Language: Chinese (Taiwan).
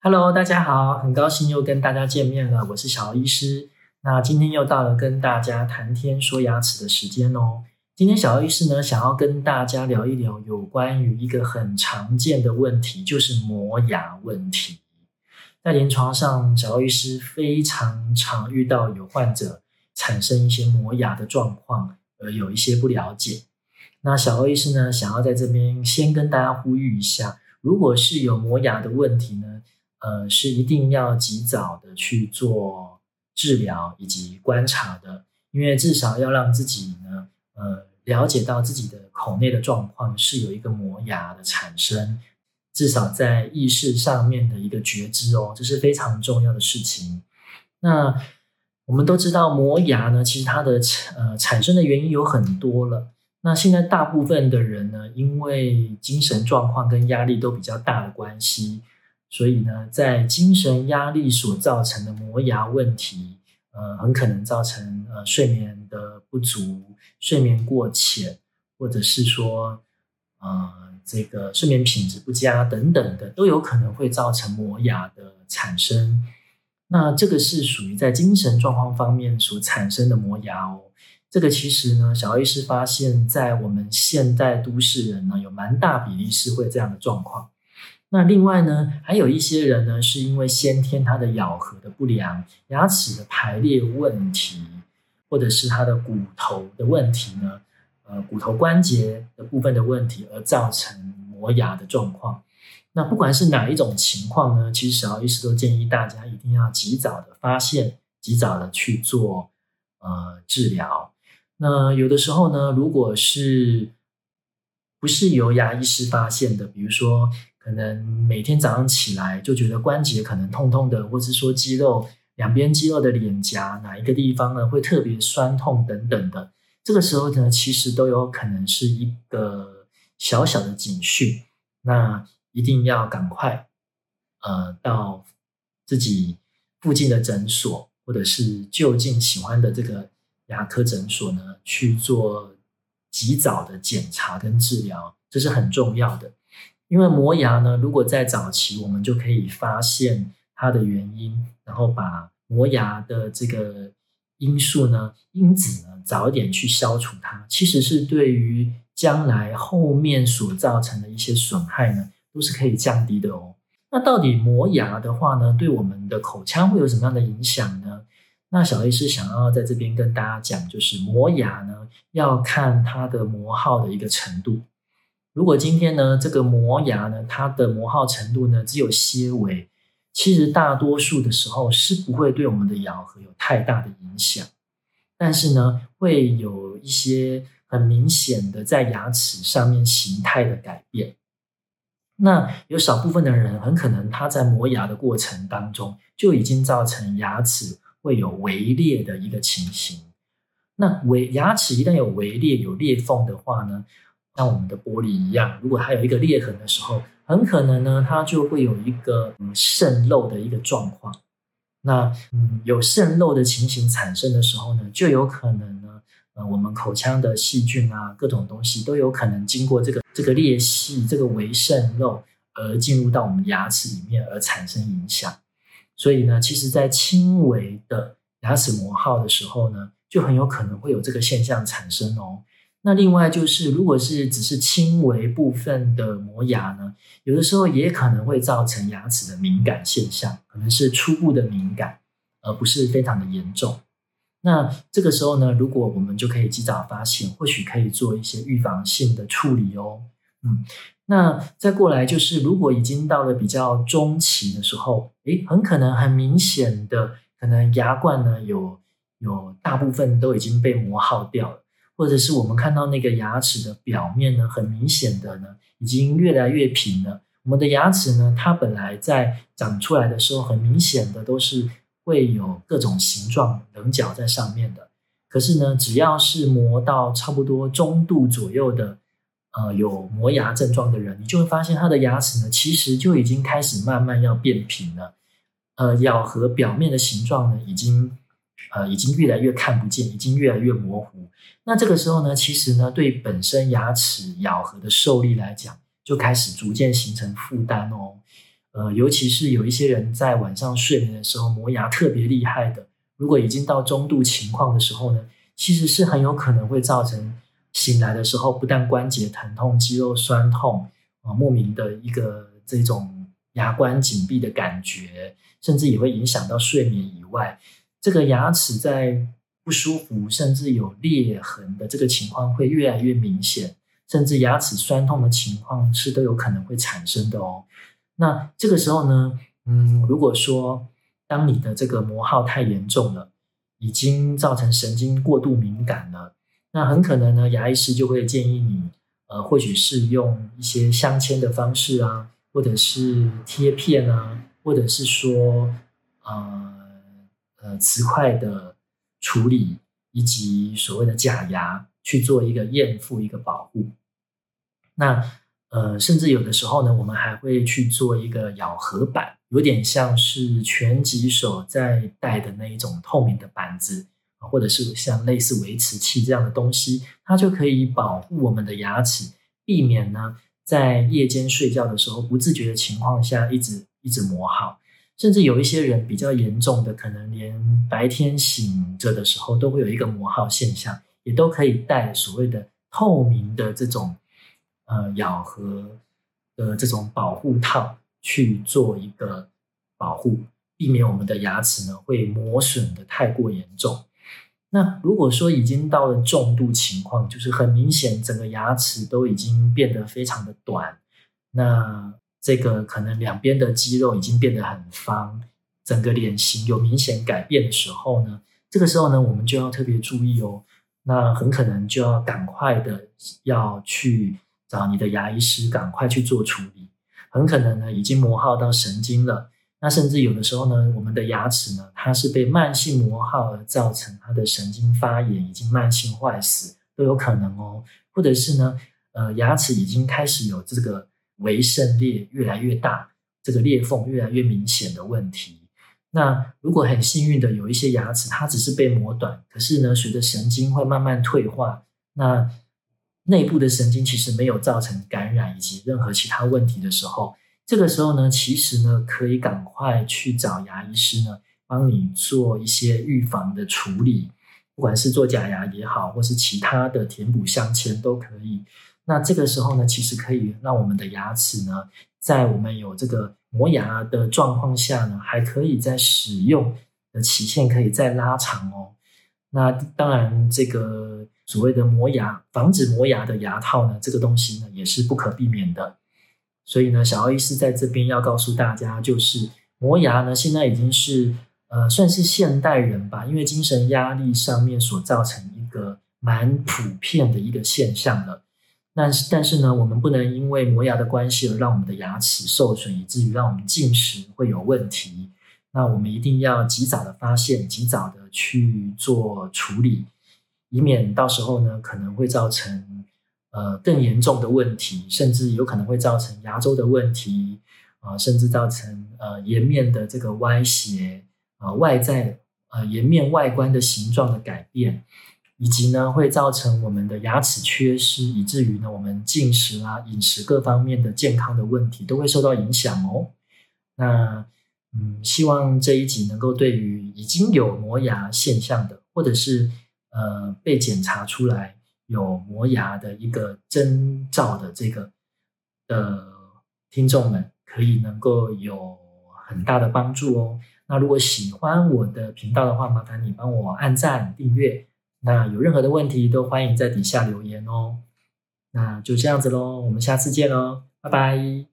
Hello，大家好，很高興又跟大家見面了。我是小歐醫師，那今天又到了跟大家談天說牙齒的時間哦。今天小歐醫師呢，想要跟大家聊一聊有關於一個很常見的問題，就是磨牙問題。在臨床上，小歐醫師非常常遇到有患者產生一些磨牙的狀況，而有一些不了解。那小歐醫師呢，想要在這邊先跟大家呼籲一下，如果是有磨牙的問題呢。呃，是一定要及早的去做治療以及觀察的，因為至少要讓自己呢，呃，了解到自己的口內的狀況是有一個磨牙的產生，至少在意識上面的一個覺知哦，這是非常重要的事情。那我們都知道磨牙呢，其實它的呃產生的原因有很多了。那現在大部分的人呢，因為精神狀況跟壓力都比較大的關係。所以呢，在精神壓力所造成的磨牙問題，呃，很可能造成呃睡眠的不足、睡眠過淺，或者是說，呃，這個睡眠品質不佳等等的，都有可能會造成磨牙的產生。那這個是屬於在精神狀況方面所產生的磨牙哦。這個其實呢，小艾醫師發現，在我們現代都市人呢，有蠻大比例是會這樣的狀況。那另外呢，還有一些人呢，是因為先天他的咬合的不良、牙齒的排列問題，或者是他的骨頭的問題呢，呃，骨頭關節的部分的問題而造成磨牙的狀況。那不管是哪一種情況呢，其實啊，醫師都建議大家一定要及早的發現，及早的去做，呃，治療。那有的時候呢，如果是不是由牙醫師發現的，比如說。可能每天早上起來就覺得關節可能痛痛的，或是說肌肉兩邊肌肉的臉頰哪一個地方呢會特別酸痛等等的，這個時候呢其實都有可能是一個小小的警訊，那一定要趕快呃到自己附近的診所或者是就近喜歡的這個牙科診所呢去做及早的檢查跟治療，這是很重要的。因為磨牙呢，如果在早期，我們就可以發現它的原因，然後把磨牙的這個因素呢、因子呢，早一點去消除它,其實是對於將來後面所造成的一些損害呢，都是可以降低的哦。那到底磨牙的話呢，對我們的口腔會有什麼樣的影響呢？那小黑是想要在這邊跟大家講，就是磨牙呢，要看它的磨耗的一個程度。如果今天呢，這個磨牙呢，它的磨耗程度呢，只有些微，其實大多數的時候是不會對我們的咬合有太大的影響，但是呢，會有一些很明顯的在牙齒上面形態的改變。那有少部分的人，很可能他在磨牙的過程當中就已經造成牙齒會有微裂的一個情形。那微牙齒一旦有微裂，有裂縫的話呢，像我們的玻璃一樣，如果它有一個裂痕的時候，很可能呢，它就會有一個呃、嗯、滲漏的一個狀況。那嗯，有滲漏的情形產生的時候呢，就有可能呢，呃，我們口腔的細菌啊，各種東西都有可能經過這個這個裂隙、這個微滲漏而進入到我們牙齒裡面而產生影響。所以呢，其實，在輕微的牙齒磨耗的時候呢，就很有可能會有這個現象產生哦。那另外就是，如果是只是輕微部分的磨牙呢，有的時候也可能會造成牙齒的敏感現象，可能是初步的敏感，而不是非常的嚴重。那這個時候呢，如果我們就可以及早發現，或許可以做一些預防性的處理哦。嗯，那再過來就是，如果已經到了比較中期的時候，誒，很可能很明顯的，可能牙冠呢有有大部分都已經被磨耗掉了。或者是我們看到那個牙齒的表面呢，很明顯的呢，已經越來越平了。我們的牙齒呢，它本來在長出來的時候，很明顯的都是會有各種形狀稜角在上面的。可是呢，只要是磨到差不多中度左右的，呃，有磨牙症狀的人，你就會發現他的牙齒呢，其實就已經開始慢慢要變平了。呃，咬合表面的形狀呢，已經。呃，已經越來越看不見，已經越來越模糊。那這個時候呢，其實呢，對本身牙齒咬合的受力來講，就開始逐漸形成負擔哦。呃，尤其是有一些人在晚上睡眠的時候磨牙特別厲害的，如果已經到中度情況的時候呢，其實是很有可能會造成醒來的時候不但關節疼痛、肌肉痠痛，呃，莫名的一個這種牙關緊閉的感覺，甚至也會影響到睡眠以外。這個牙齒在不舒服，甚至有裂痕的這個情況會越來越明顯，甚至牙齒酸痛的情況是都有可能會產生的哦。那這個時候呢，嗯，如果說當你的這個磨耗太嚴重了，已經造成神經過度敏感了，那很可能呢，牙醫師就會建議你，呃，或許是用一些鑲嵌的方式啊，或者是貼片啊，或者是說，啊、呃。呃，瓷塊的處理以及所謂的假牙去做一個贗復，一個保護。那呃，甚至有的時候呢，我們還會去做一個咬合板，有點像是拳擊手在戴的那一種透明的板子，或者是像類似維持器這樣的東西，它就可以保護我們的牙齒，避免呢在夜間睡覺的時候不自覺的情況下一直一直磨耗。甚至有一些人比較嚴重的，可能連白天醒着的時候都會有一個磨耗現象，也都可以戴所謂的透明的這種呃咬合的這種保護套去做一個保護，避免我們的牙齒呢會磨損得太過嚴重。那如果說已經到了重度情況，就是很明顯整個牙齒都已經變得非常的短，那。這個可能兩邊的肌肉已經變得很方，整個臉型有明顯改變的時候呢，這個時候呢，我們就要特別注意哦。那很可能就要趕快的要去找你的牙醫師，趕快去做處理。很可能呢，已經磨耗到神經了。那甚至有的時候呢，我們的牙齒呢，它是被慢性磨耗而造成它的神經發炎，以及慢性壞死都有可能哦。或者是呢，呃，牙齒已經開始有這個。微滲裂越來越大，這個裂縫越來越明顯的問題。那如果很幸運的有一些牙齒，它只是被磨短，可是呢，隨着神經會慢慢退化，那內部的神經其實沒有造成感染以及任何其他問題的時候，這個時候呢，其實呢，可以趕快去找牙醫師呢，幫你做一些預防的處理，不管是做假牙也好，或是其他的填補鑲嵌都可以。那這個時候呢，其實可以讓我們的牙齒呢，在我們有這個磨牙的狀況下呢，還可以再使用的期限可以再拉長哦。那當然，這個所謂的磨牙、防止磨牙的牙套呢，這個東西呢也是不可避免的。所以呢，小奧醫師在這邊要告訴大家，就是磨牙呢，現在已經是呃算是現代人吧，因為精神壓力上面所造成一個蠻普遍的一個現象了。但是，但是呢，我們不能因為磨牙的關係而讓我們的牙齒受損，以至於讓我們進食會有問題。那我們一定要及早的發現，及早的去做處理，以免到時候呢可能會造成呃更嚴重的問題，甚至有可能會造成牙周的問題啊、呃，甚至造成呃顏面的這個歪斜啊、呃，外在呃顏面外觀的形狀的改變。以及呢，會造成我們的牙齒缺失，以至於呢，我們進食啊、飲食各方面的健康的問題都會受到影響哦。那嗯，希望這一集能夠對於已經有磨牙現象的，或者是呃被檢查出來有磨牙的一個徵兆的這個的聽眾們，可以能夠有很大的幫助哦。那如果喜歡我的頻道的話，麻煩你幫我按讚、訂閱。那有任何的問題都歡迎在底下留言哦，那就這樣子嘍，我們下次見嘍，拜拜。